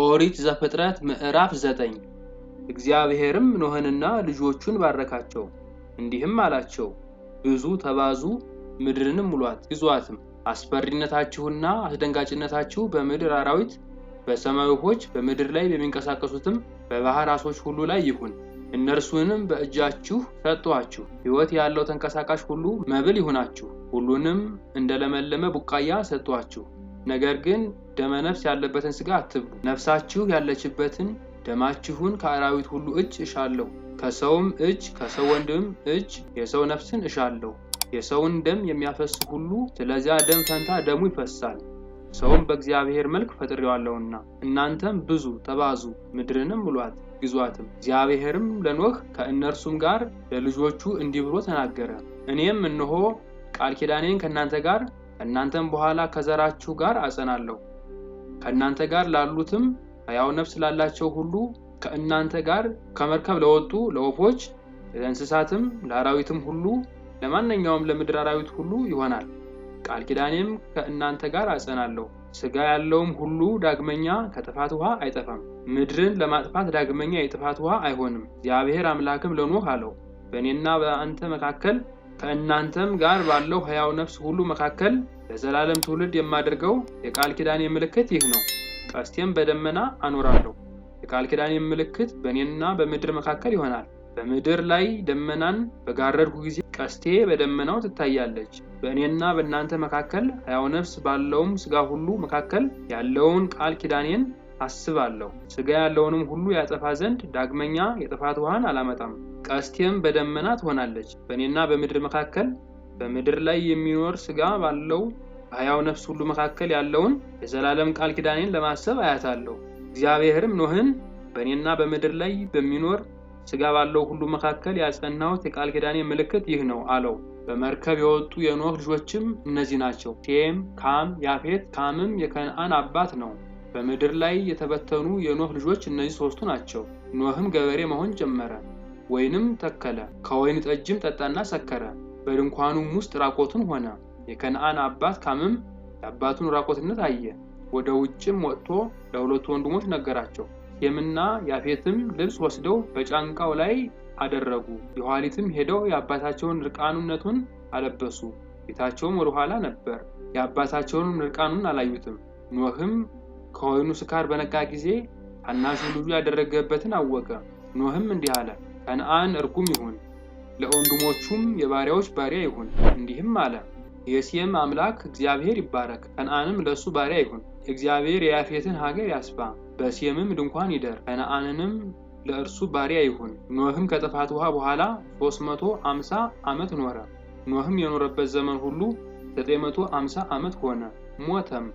ኦሪት ዘፍጥረት ምዕራፍ ዘጠኝ እግዚአብሔርም ኖህንና ልጆቹን ባረካቸው፣ እንዲህም አላቸው፦ ብዙ ተባዙ፣ ምድርንም ሙሏት፣ ግዟትም። አስፈሪነታችሁና አስደንጋጭነታችሁ በምድር አራዊት፣ በሰማይ ወፎች፣ በምድር ላይ በሚንቀሳቀሱትም በባህር አሶች ሁሉ ላይ ይሁን። እነርሱንም በእጃችሁ ሰጥቷችሁ ሕይወት ያለው ተንቀሳቃሽ ሁሉ መብል ይሁናችሁ። ሁሉንም እንደለመለመ ቡቃያ ሰጥቷችሁ ነገር ግን ደመ ነፍስ ያለበትን ስጋ አትብሉ፣ ነፍሳችሁ ያለችበትን ደማችሁን ከአራዊት ሁሉ እጅ እሻለሁ፣ ከሰውም እጅ፣ ከሰው ወንድም እጅ የሰው ነፍስን እሻለሁ። የሰውን ደም የሚያፈስ ሁሉ ስለዚያ ደም ፈንታ ደሙ ይፈሳል፣ ሰውም በእግዚአብሔር መልክ ፈጥሬዋለሁና። እናንተም ብዙ ተባዙ፣ ምድርንም ሙሏት ግዟትም። እግዚአብሔርም ለኖህ ከእነርሱም ጋር ለልጆቹ እንዲህ ብሎ ተናገረ። እኔም እነሆ ቃል ኪዳኔን ከእናንተ ጋር ከእናንተም በኋላ ከዘራችሁ ጋር አጸናለሁ፣ ከእናንተ ጋር ላሉትም ያው ነፍስ ላላቸው ሁሉ ከእናንተ ጋር ከመርከብ ለወጡ ለወፎች፣ ለእንስሳትም፣ ለአራዊትም ሁሉ ለማንኛውም ለምድር አራዊት ሁሉ ይሆናል። ቃል ኪዳኔም ከእናንተ ጋር አጸናለሁ። ስጋ ያለውም ሁሉ ዳግመኛ ከጥፋት ውሃ አይጠፋም። ምድርን ለማጥፋት ዳግመኛ የጥፋት ውሃ አይሆንም። እግዚአብሔር አምላክም ለኖህ አለው፣ በእኔና በአንተ መካከል ከእናንተም ጋር ባለው ሕያው ነፍስ ሁሉ መካከል ለዘላለም ትውልድ የማደርገው የቃል ኪዳኔ ምልክት ይህ ነው። ቀስቴም በደመና አኖራለሁ። የቃል ኪዳኔ ምልክት በእኔና በምድር መካከል ይሆናል። በምድር ላይ ደመናን በጋረድኩ ጊዜ ቀስቴ በደመናው ትታያለች። በእኔና በእናንተ መካከል ሕያው ነፍስ ባለውም ሥጋ ሁሉ መካከል ያለውን ቃል ኪዳኔን አስባለሁ። ስጋ ያለውንም ሁሉ ያጠፋ ዘንድ ዳግመኛ የጥፋት ውሃን አላመጣም። ቀስቴም በደመና ትሆናለች፣ በእኔና በምድር መካከል በምድር ላይ የሚኖር ስጋ ባለው በሕያው ነፍስ ሁሉ መካከል ያለውን የዘላለም ቃል ኪዳኔን ለማሰብ አያታለሁ። እግዚአብሔርም ኖህን በእኔና በምድር ላይ በሚኖር ስጋ ባለው ሁሉ መካከል ያጸናሁት የቃል ኪዳኔ ምልክት ይህ ነው አለው። በመርከብ የወጡ የኖህ ልጆችም እነዚህ ናቸው። ሴም፣ ካም፣ ያፌት። ካምም የከነአን አባት ነው። በምድር ላይ የተበተኑ የኖህ ልጆች እነዚህ ሶስቱ ናቸው። ኖህም ገበሬ መሆን ጀመረ፣ ወይንም ተከለ። ከወይን ጠጅም ጠጣና ሰከረ። በድንኳኑም ውስጥ ራቆቱን ሆነ። የከነአን አባት ካምም የአባቱን ራቆትነት አየ። ወደ ውጭም ወጥቶ ለሁለቱ ወንድሞች ነገራቸው። ሴምና ያፌትም ልብስ ወስደው በጫንቃው ላይ አደረጉ። የኋሊትም ሄደው የአባታቸውን ርቃኑነቱን አለበሱ። ፊታቸውም ወደኋላ ነበር፣ የአባታቸውንም ርቃኑን አላዩትም። ኖህም ከወይኑ ስካር በነቃ ጊዜ ታናሹ ልጁ ያደረገበትን አወቀ። ኖህም እንዲህ አለ፣ ከነአን እርጉም ይሁን፣ ለወንድሞቹም የባሪያዎች ባሪያ ይሁን። እንዲህም አለ፣ የሴም አምላክ እግዚአብሔር ይባረክ፣ ከነአንም ለእሱ ባሪያ ይሁን። እግዚአብሔር የያፌትን ሀገር ያስፋ፣ በሴምም ድንኳን ይደር፣ ከነአንንም ለእርሱ ባሪያ ይሁን። ኖህም ከጥፋት ውሃ በኋላ 350 ዓመት ኖረ። ኖህም የኖረበት ዘመን ሁሉ 950 ዓመት ሆነ፣ ሞተም።